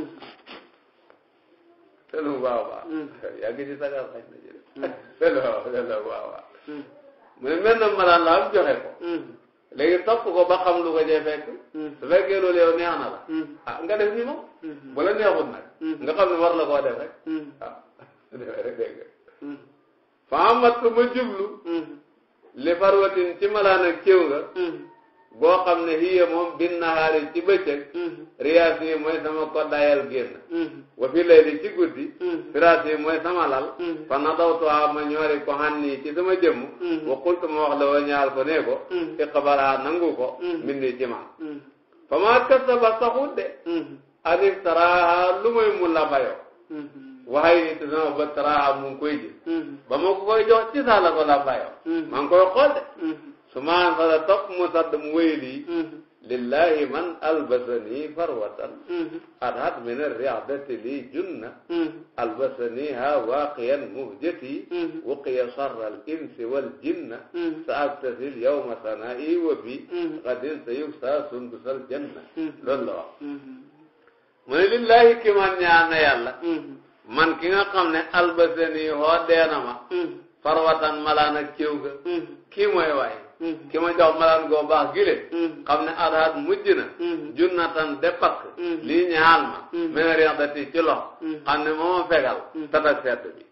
Speaker 1: te lu mu baax a baax. yaa ngi ci sagar na jël. te lu
Speaker 2: mu ne mel na malaan la
Speaker 1: am topp ko ba xam lu ko jee fekk. su fekkee loolu yow neex na la. ah nga def ni moom. bu la neexut nga xam ne war la koo def rek. ah dégg nga. faamat ko ma jublu. li farwatin ci malaan ak céw nga. boo xam ne hiya moom bin nahaari ci bëccëg mm-hmm. riyaas yi mooy sama koddaayal génn mm-hmm. wa fi layli ci guddi mm-hmm. firaas yi mooy sama lal fa nadawtuha ma ñoori ko hanni ci sama jëmm wa qultu ma wax la wa ñaal ko nee ko nangu ko min ni jima fa ma kasaba saxut de an iftaraaha lu muy mu labayo waaye ni te sama ba taraaha mu ngi koy ji ba ma ko koy ci saa la ko labayo maa ngi koy xool de su ma ansala topp mu sadd mu wéyli mm-hmm. lillahi man albasani farwatan mm-hmm. adhat min arriadati li junna mm-hmm. albasani ha waaqiyan muhjati wuqiya sharra al insi wal jinna sa abtasil yawma sanai wa bi gadin sa yuksa sundusal janna loolu la wax mu ne lillahi ki man ñaan na yàlla man ki nga xam ne albasani hoo deena ma farwatan malaan ak céw ga kii mooy waaye ki ma jox malaan goo baax gile mm-hmm. xam ne adhaat mujj na mm-hmm. junnatan dépasse mm-hmm. lii ñaal ma mene riadati ci lox xam ne moo ma fegal tatak sedd bi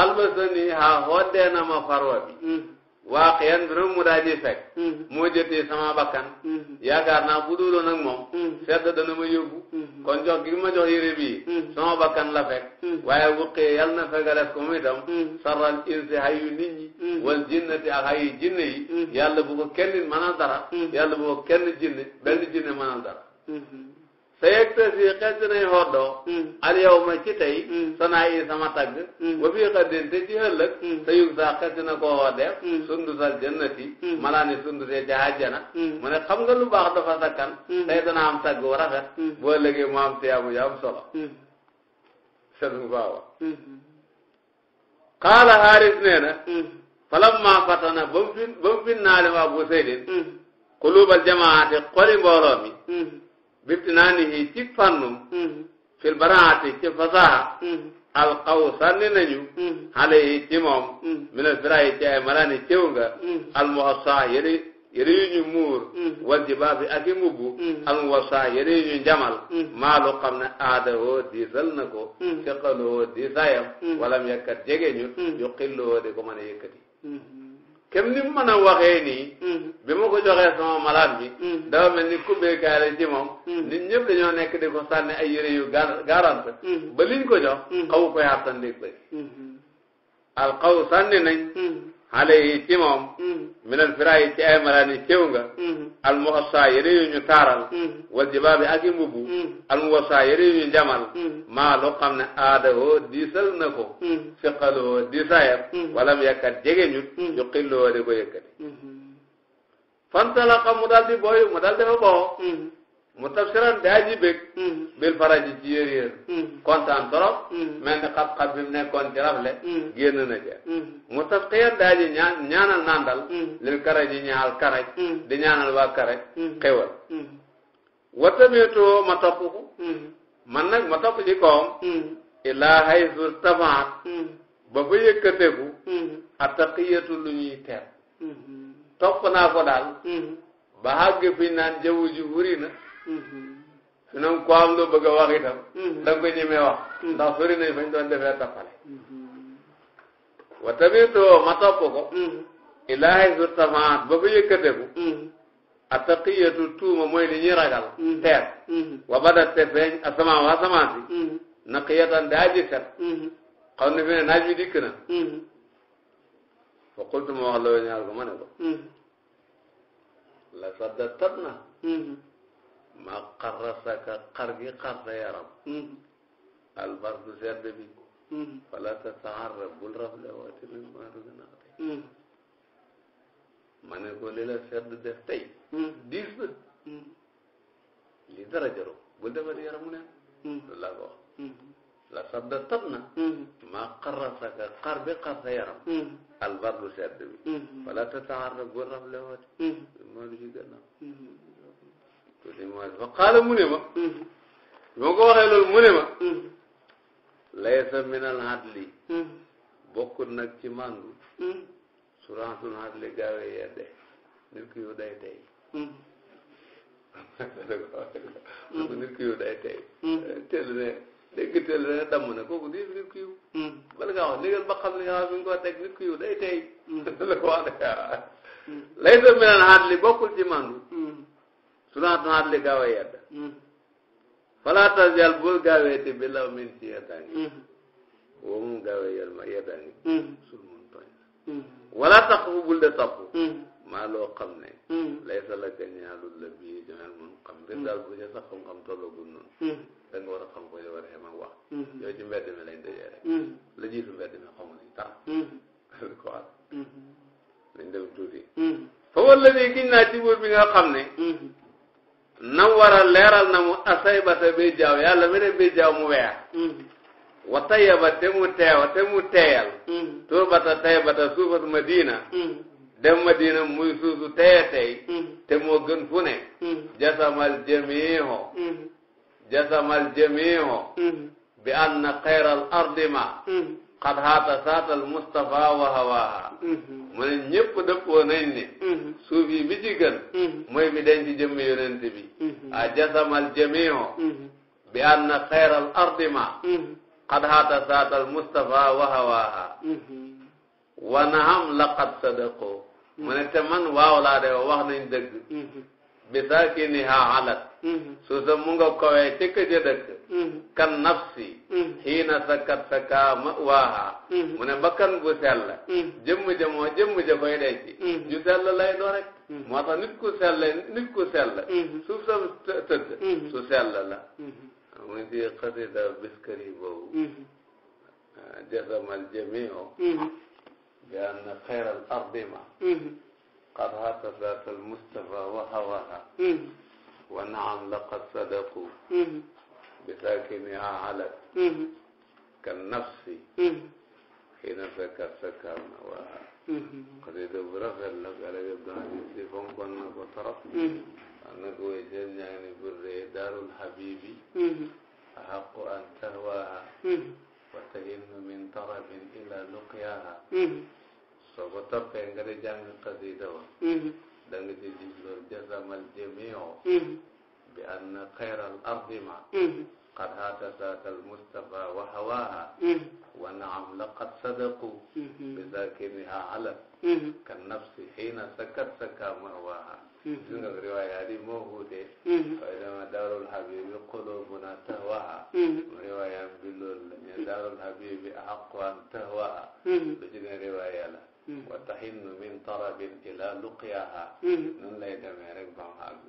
Speaker 1: albasani haa hoddee ma farwa bi waaqiyan mbirum mu daa ji fekk mm-hmm. moo jëtee sama bakkan mm-hmm. yaakaar naa bu duuloon na moom sedd mm-hmm. dana ma yóbbu kon jox gi ma jox yére bii sama bakkan la fekk waaye bu xëyee yàlla na fekkares ko muy tam sarral insi hayu nit ñi wal jinnati ak hayu jinne yi yàlla bu ko kenn nit mënal dara yàlla bu ko kenn jinne benn jinne mënal dara sayeg te si xes dinay hoddoo hmm. ma ci tey hmm. sanaa yi sama tagg ba hmm. fii xaddin te ci ëllëg sa yug saa xes dina koo hoddeef jannati malaa ni sundutee ca àjjana mu ne xam nga lu baax dafa sakkan tey dana am tagg wu rafet boo ëllëgee mu am tiyaabu yu am solo setmu baawa xaala xaaris nee na falamma fatana ba fin ba mu fin naali waa jamaati xoli mbooloo bitti naa ni hii ci fànnum mm-hmm. fil baraati ci fasaha mm-hmm. alqaw sànni nañu xale mm-hmm. yi ci moom minal birayi ci ay malaani cëw nga almuwassa yëre yu ñu muur wal jibaabi ak i mbubb yu ñu njamal maa lu xam ne aada woo diisal na ko fiqaloo diisayam walam yekkat jege yu xilloo di ko mën
Speaker 2: a
Speaker 1: kem ni mu mën a waxee nii. Mm. bi ma ko joxee sama malaat bi. Mm. dafa mel ni kubbeekaay la ci moom. Mm. nit ñëpp dañoo nekk di ko sànni ay yére yu gar garante. ba liñ ko jox. xaw koy àttan dégg bëri. al xaw sànni nañ. xale yi ci moom mm-hmm. minal firaayi ci ay malaani céw nga mm-hmm. al muxassa yére yu ñu taaral mm-hmm. wal jibaabi ak i mbubb al muxassa yére jamal maa lu xam ne aada hoo diisal na ko fiqal hoo diisaayam wala mu yàkkat jege ñut yu xillu hoo di ko yëkkati fantalaqa mu dal boyu mu dal di mu tabsiran daa ji bëgg mm. bil faraji ci yër yër mm. kontaan trop mm. mel ni xab-xab bi mu nekkoon ci rafle génn na ca mu tasqiyan daa ji ñaan ñaanal nandal lil karaj ñaal karaj di ñaanal waa karaj xewal watameetoo ma topp ko nag ma topp ci kawam ilaa haysu tamaat ba fa yëkkateku attaqiyatu lu ñuy ter mm-hmm. topp naa ko daal mm-hmm. ba xàgg fi naan jaww ji wuri na su ne ko am loo bëgg a wax itam mm-hmm. da nga ko ñemee wax mm-hmm. ndax sori nañ fañ doon defee tappale
Speaker 2: mm-hmm.
Speaker 1: wa tabitoo ma topp ko ilaahi su tamaat ba ko yëkkateku attaqiyatu tuuma mooy li ñuy ragal teer wa badat te feeñ asamaan wa asamaan si naqiyatan daa ji set xam ne fi ne naaj bi dikk na fa wax la ñaar ko ma ne ko la sadda tat na ma qarrasaka xar gi xar sa yaram albardu sedd bi fala tataharra bul rafle waati min maatu gën a tey ma ne ko li la sedd def tey diis na li dara jaru bul defal yaramu ne loolu laa ko wax la sadda tab na ma qarrasaka xar bi xar sa yaram albardu sedd bi fala tataharra bul rafle waati min maatu gën a fa qaala mu ne ma bi ma ko waxee loolu mu ne ma laysa min al hadli bokkul nag ci màndu suransul hadli gaawee yedde nit ku yow day tey nit ku yow day tey teel ne dégg teel ne damm na kooku ku yow bala ngaa wax ndigal ba xam ko teg nit ku yow day tey mm. la ko wax de bokkul ci màndu sunaat naat li gaaw a hmm. falaa tasjal bul gaawee te bi min ci yeddaangi woo moom gaawee yedd ma yeddaangi sul mun tooñ bul de topp hmm. maa loo xam ne hmm. lay la gañaalul la bii mun xam mbir daal bu ñu sax xam-xam tollagul war a xam war a xem ak ci mbedd mi lañ dajee rek la jiitu mbedd mi xamu nañ tax ko wax lañ dem tuuti fa wala ni giñ naa ci buur bi nga xam na waral leeral na mu asaybata bi jaaw yàlla mi ne bi jaaw mu weex mm-hmm. wa tayaba te mu teew te mm-hmm. taybata suufat madina mm-hmm. dem madina muy suusu teye tey te moo gën fu ne jasamal jamiho jasamal jamiho bi anna xayral ardima xad haata saatal mustafa wa hawaaha mu ne ñëpp dëppoo nañ ni suuf yi bi ci gën mm-hmm. mooy bi denc jëmm yonent bi mm-hmm. a jasamal jamio mm-hmm. bi anna xayral ardima qad haata saatal Mustafa wa hawaaha wa naham laqad sadaqoo mu ne te man waaw laa de wax nañ dëgg bi saakinihaa alat suuf sa mu nga kowee ci ka ca dëkk kan nafsi xiina sakat sakaa mawaaha mu ne bakkan bu sell jëmm ja moo jëmm ja koy denci ju sell lay doo rek moo tax nit ku sell nit ku sell suuf sam tëdd su sell la mu ngi ci xasida biskari boobu jasamal jamiu bi anna xayral ardima qad hatasat al mustafa wa hawaha wa naam laqad sadaqu bisakiniha halak kan nafsi xiina sakkat sakkar na waaha xasida bu rafet la Alaaji Abdul Aziz Si fonkoon na ko trop wax na ko way seen ñaa ni burde daarul habibi ahaqu an tahwaha wa tahinnu min tarabin ila luqyaha soo ko toppee nga di jàng xasida wa da nga ci jublu jasamal jamio bi anna xayral ardi ma qad haatasaaka almustafa wa hawaaha wa naam laqad sadaqu bi zakiniha alat kan nafsi xiina sakat saka mahwaaha gis nga riwaayaat yi moo wuute waaye dama daarul habibi qulubuna tahwaha riwaayaam bi loolu la ñu daarul habibi ahaqu an tahwaha lu ci ne riwaaya la wa tahinnu min tarabin ila luqyaha nun lay demee rek ba mu àgg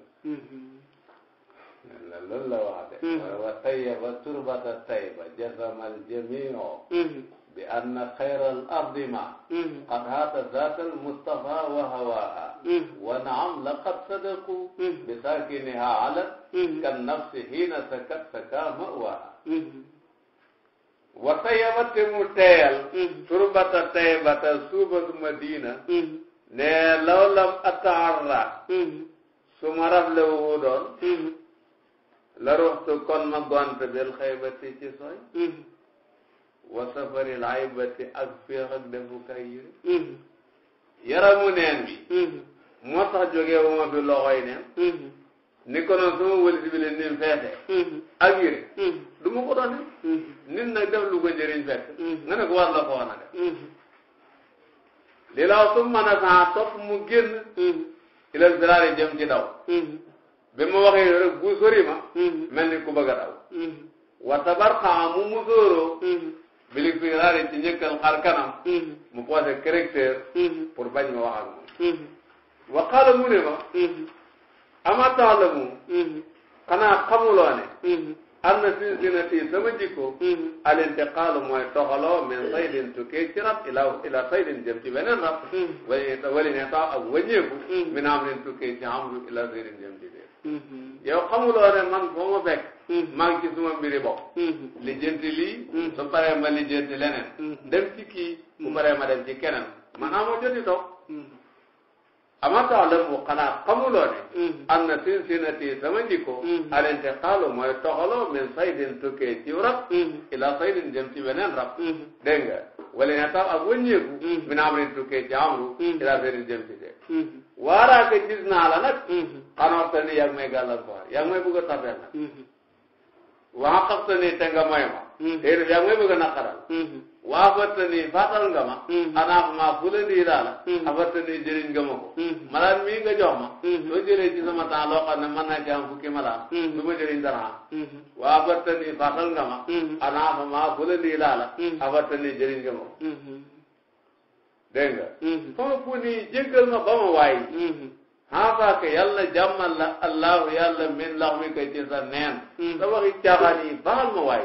Speaker 1: loolu la wax de wa tayyaba turbata tayba jasamal jamio bi anna xayral ardi ma qad haata zaatal mustafa wa hawaaha wa naam laqad sadaqu bi saakiniha alat kan nafsi hiina sakat saka mawaaha wa tayyaba te mu teyal turbata taybata suubas madina ne law lam ataarra su ma rafle wu doon la ruxtu kon ma gont bil xaybati ci sooy mm-hmm. wa safaril aybati ak féex ak defu kay yére mm-hmm. yaramu neen bi mm-hmm. moo tax jógee wuma bi loxoy neen ni ko sama wëlis bi leen ni mu feete ak yére du ma ko doon def nit nag def lu njëriñ fekk nga ne ko la ko war a su mën a saa topp mu génn ilal ziraari jëm ci daw bi ma waxee yooyu rek bu sori ma. Mm-hmm. mel ni ku bëgg a daw. Mm-hmm. wa mu musóoroo. bilik mm-hmm. bi raari ci njëkkal xar kanam. mu posé caractère. pour bañ ma wax ak moom. wa qaala mu ne ma. ama taalamu. xanaa xamuloo ne. am na sin sinati sama jikko. al intiqaalu mooy toxaloo min saydin tukkee ci rab ila ila saydin jëm ci beneen rab. wala ne sax ak wàññeeku. min amrin tukkee ci amru ila saydin Mm-hmm. yow xamuloo ne man foo ma fekk mm-hmm. maa ngi ci suma mbiri bopp mm-hmm. lijjanti lii su paree ma lijjanti leneen dem ci kii bu paree ma dem ci man amoo joti toog amata alamu xanaa xamuloo ne. Mm. am na sin sinati sama jikko. Mm. al intiqaalu mooy toxaloo min saydin tukkee ci rab. Mm. ila saydin jëm ci beneen rab. dégg nga wala ne tax ak min amrin tukkee amru. ila saydin jëm ci dégg. waaraate gis naa la nag. xanaa te ni yaa ngi may gàllankoor yaa ngi may bëgg waa xam ni te nga ma. te it yaa ngi may waa fàttali fàttal nga ma. xanaa hmm. maa fula lii daal. Hmm. a fàttali jëriñ nga ma ko. Hmm. malaan mii nga jox ma. soo jëlee ci sama temps loo xam ne mën naa ci am fukki malaan. du ma jëriñ dara am. waa fàttali fàttal nga ma. xanaa maa fula lii daal. a fàttali jëriñ nga ma ko. dégg nga. foofu fu ma ba ma waay. haa faaka yàlla jàmmal la allahu yàlla min lax mi ko ci sa neen. sa waxi caaxaan baal ma waay.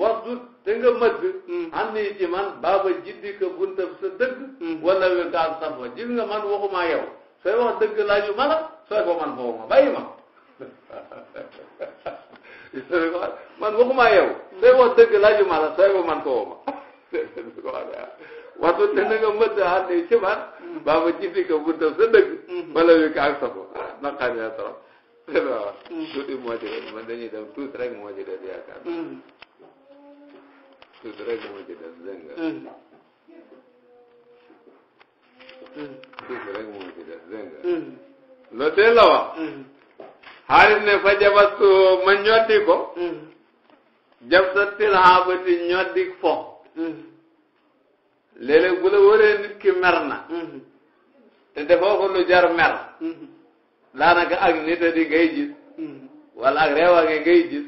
Speaker 1: wasdut. da nga mëgg xam hmm. ni ci man baaba jiddi ka buntab sa dëgg hmm. wala wékaal safo gis nga man waxuma yow sooy wax dëgg laaju ma la sooy ko man foofu ma bàyyi ma man waxuma yow sooy wax dëgg laaju ma la sooy ko man foofu ma waxtu te na nga mëdd xam ni ci man hmm. baaba jiddi ka buntab sa dëgg wala wékaal safo ah, naqari trop c'est vrai tuuti moo ci man dañuy dem tuuti rek moo ci des yaakaar tuuti rek moo ci des dégg nga. tuuti rek moo ci des dégg nga. loolu de mm. mm. mm. la wax. xaalis ne fa jabastu ma ñoddi ko. jabsatil haabati ñoddi fo. léeg-léeg bu la wëree nit ki mer na. te defoo ko lu jar mer. daanaka ak nit a di ngay gis. wala ak réewa ngi ngay gis.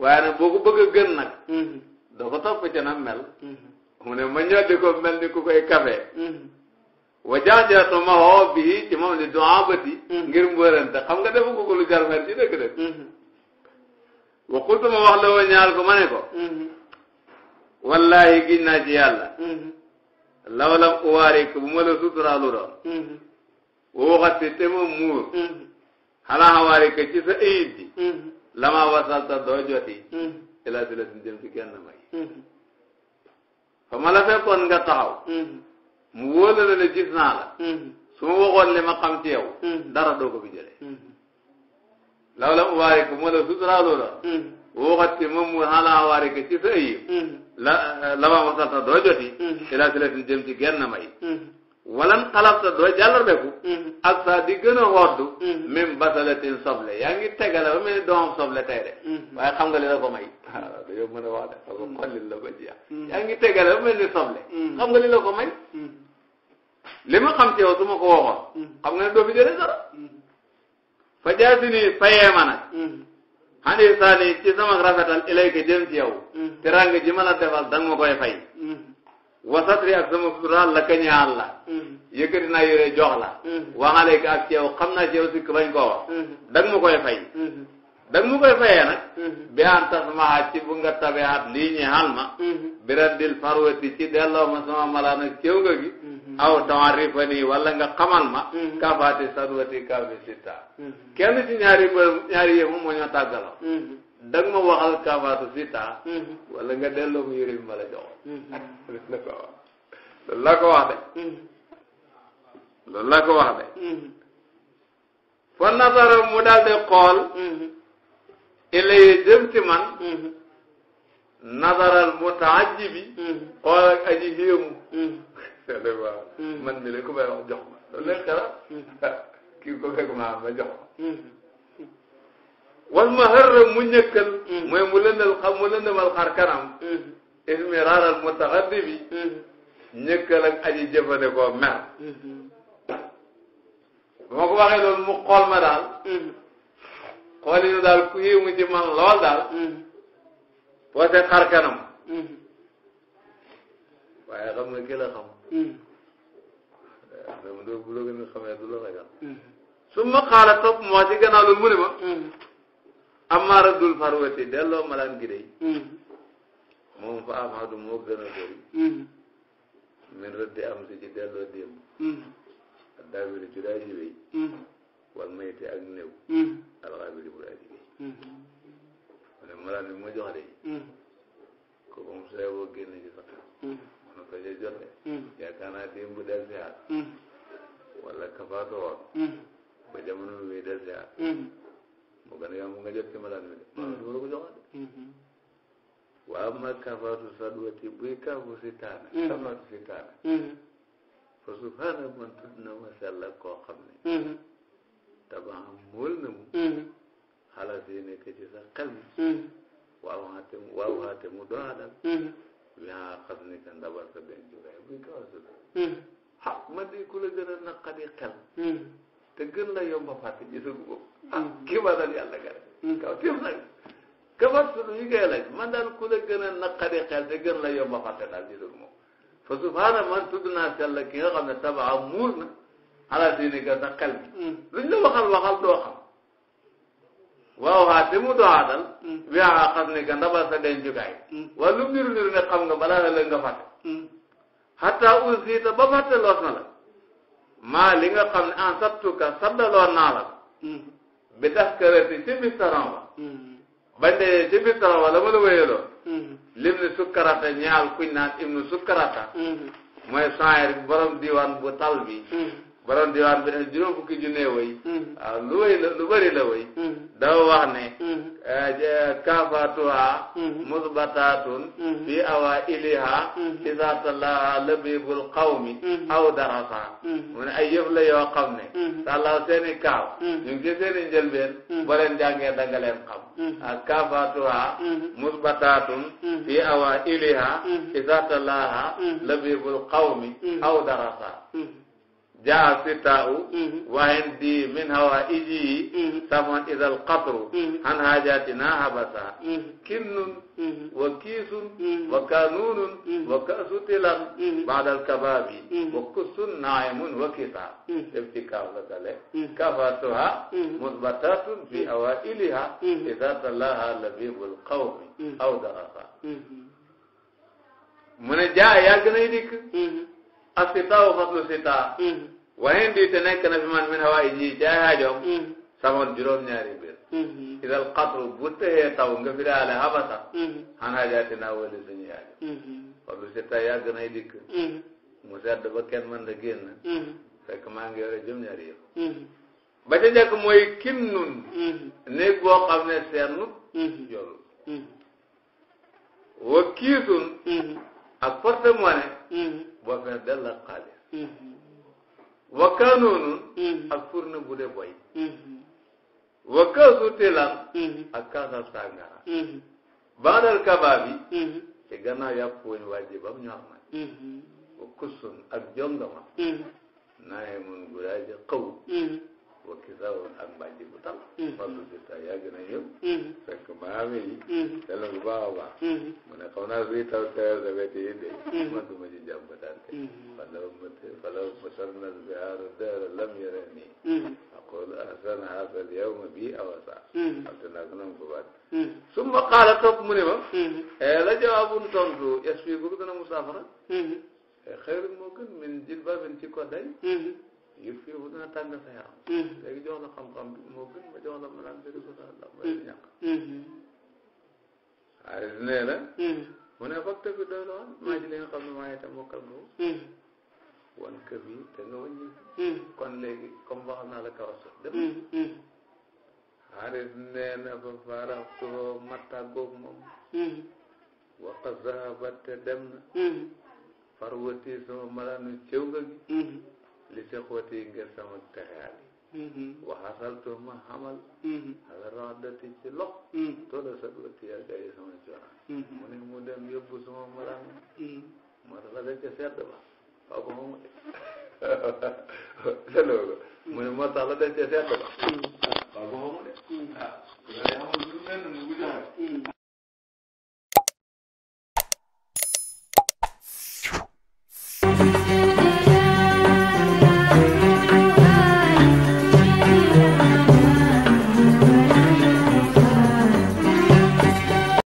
Speaker 1: waaye nag boo ko bëgg a gën nag. dafa topp ci na mel mm-hmm. mu ma ñoddi ko mel ni ku koy kafe mm-hmm. wa jaajatu ma xoo bii ci moom li doabati mm-hmm. ngir mbërante xam nga defu ko ko lu jar mel ci dëgg dëgg wa xultuma la woo ñaal ko ma ne ko wallahi giñ naa ci bu ma la suturaalu doon wa waxati te ma muur xalaa xawaari ko ci sa ayit ji lama wasalta doo joti ila si la si jëm ci kenn may fa ma la fekkoon nga taxaw mu wóola la ne gis naa la su ma li ma xam ci dara doo ko fi jëlee law la ubaari ko ma la suturaaloo la waxati mu xaalaa waari ko ci sa ayib la la ma wasalta doo joti ilaa silatin jëm ci genn may walan xalafta doo jàllarbeku ak saa di gën a xoddu même basalatin soble yaa tegale ba mel ni doomam soble tey waaye xam nga ko may waaw dañoo mën a wax de xam mm. nga xollil la ba jeex. Mm. yaa ngi tegale ba mel ni soble. Mm. xam nga li la ko may. li ma xam ci yow su ma ko waxoon. xam nga ne doo fi jëlee dara. fa jaasi nii fayee ma nag. xandi saani ci sama rafetal ilay ka jëm ci yow. te ji ma la defal da nga ma koy fay. wasatri ak sama raal la ka ñaal la. yëkkati naa yore jox la. waxaale ak ci yow xam naa si bañ koo wax. da nga ma koy fay. danga mu koy fayee nag mm-hmm. bi an tasmaa ci bu nga tabiat lii ñi xal ma mm-hmm. bi raddil farwati ci delloo ma sama mala nag cëw nga gi mm-hmm. aw taarifa nii wala nga xamal ma kafaati sadwati kafi sitta kenn ci ñaari ba ñaari yëfu moo ñoo tàggaloo danga ma waxal kafaatu sitta wala nga delloo mu yërim ma la joxoon la ko wax loolu la ko wax
Speaker 2: de
Speaker 1: loolu la wax de fa nazara mu daal di xool ilay jëm ci man mm-hmm. nazaral mutaajibi mm-hmm. xool ak aji xéemu mm-hmm. seetlu waaw man mi la ku may loolu lay xelal kii ko fekk maa ma jox ma
Speaker 2: wal ma xërra
Speaker 1: mu ñëkkal mu lëndal xam mu lëndamal xar kanam ismi raaral mutaxaddibi ñëkkal ak aji jëfandikoo mer bu ma ko waxee loolu mu xool ma daal xoolinu daal ku yéemu ci man lool daal poose mm. xar kanam mm. waaye xam nga ki la xam dama mm. doo bu la gën a xamee du la topp moo ci gannaaw lu mu ne ma amma raddul farwati delloo malaan gi day moom fa am hadu moo gën a bëri min raddi am si ci delloo démb ak daawiri ci daa jiwéy wal mayte ak néew mm-hmm. alxaabili bu daa liggéey mu mm-hmm. ne jox de mm-hmm. ko moom sooy boo génn ci fata mu ne ko ca joxe yaakaar naa démb del si aat wala kafaato woon mu gën a yomb nga jot ci malaan bi de malaan ma la ko joxoon de waa ma kafaatu sadwati buy kaafu si taana kafaatu si taana fa subhaana man tudd na masalla koo xam ne tabaxam mool na mu hmm. xalaat yi nekk ci sa xel mi hmm. waaw mu waaw xaate mu doon adal hmm. yaa ni ka ndabar sa denc waaye buñ ko asut ah man de ku la gën a naqadi xel te gën la yomba a fàtte gisagu ko ah kii ma dal yàlla gare kaw tiim nag kabar sunu yi ngay laaj man daal ku la gën a naqadi xel te gën a fàtte daal gisagu moom fa subhaana man tudd naa sell ki nga xam ne tabaxam na ala diini ka sa xel bi mm. luñ la waxal waxal doo xam waaw xaa si mu doxaatal mm. wi aa xam ni ka ndabal sa dencukaay mm. waaye lu niru niru nga xam nga balaa ëllëg nga fàtte xataa aussi te ba fàtte loos na la maa li nga xam ne en sattuka saddaloon naa la bi tax kërati ci bistaran ba bañ ci bistaran ba la ma la wéyaloon lim ni sukkarata ñaal kuñ naan im ni sukkarata mooy saayir borom diiwaan bu tal bi borom diwaan bi ne juróom fukki junne way hmm. waaw la lu bëri la way hmm. dafa hmm. eh, fi awa iliha isatalaha labibul qawmi aw darasa mu ne la yoo xam ne sàllaaw seeni kaaw ñu ngi ci seeni njëlbeen ba leen jàngee da nga leen xam ak fi awa iliha isatalaha labibul qawmi aw darasa jaa sitaahu mm-hmm. wahen di min hawa iji mm-hmm. saman idal qatru han mm-hmm. hajatina habasa kinnun wa kiisun wa kanunun wa kaasu tilan baadal kababi wa kussun naimun wa kisa def ci kaaf la tale kafatuha musbatatun fi awailiha ida talaha labibul qawmi aw darasa mu ne jaa yàgg nay dikk asitaahu faslu sitaa waaye indi te nekk na fi man min hawaay ji jaay haajoom mm. samoon juróom-ñaari biir mm-hmm. idal xatru bu tëyee taw nga fi daale habasa mm-hmm. xan haajaati naa wali suñu yaajo xobu mm-hmm. si dikk mu sedd ba kenn mën da génn fekk maa ngi yore juróom-ñaari ba ca njëkk mooy kin nun néeg boo xam ne seennut yoru wa kiisun ak porte monnaie boo fees dell ak xaalis
Speaker 2: wakkaanoonu
Speaker 1: hmm. ak furna bu dee boy hmm. wakkaasu telan hmm. ak kaasal sàngara
Speaker 2: baadal kabaabi
Speaker 1: ci gannaaw yàpp woon waajibam ñor na wa kusun ak jongama naa mun guraaji xaw wa kisaawul ak mbàjji bu tal faddu si ta yàgg na ñëw fekk ma amee yi tela bu baax a baax mu ne xam naa bii taw teel sa wet yi de man du ma ci jàmbatante falaw mat falaw masalnal bihaara daara lam yara nii aqul ahsan hada al yawma bii awasa xamte naa ko nam ko baat summa qaala topp mu ne ma la jawaabun tontu yes fii bëgg dana musaafara xëyru mm-hmm. eh, moo gën min jilbaabin ci kodday mm-hmm. yu fi wu dana tàgg sa yaram. Mm-hmm. léegi jox la xam-xam bi moo gën ma jox la ma naan dégg ko sax ndax ñàkk. Mm-hmm. waaye nee mm-hmm. mu ne fakk bi doy na woon maa ji xam ne maa itam mokkal nga wan kër bi te nga wàññi. kon léegi comme wax naa la kaw sax dem. xaarit nee na ba faaraaf soo mattaagoog moom. waqa zahabat te dem na. farwati sama malaanu cew nga gi. li sexooti ngir sama texeal yi mm-hmm. wa xasaltu ma xamal mm-hmm. ala raxdati ci lox mm-hmm. toola satlati yaggayi sama coran mu ne mu dem yóbbu suma maran moo tax la ca sedd ba waaw ko moom de mu ah. ne moo tax la ca sedd ba waaw ko moom de waaw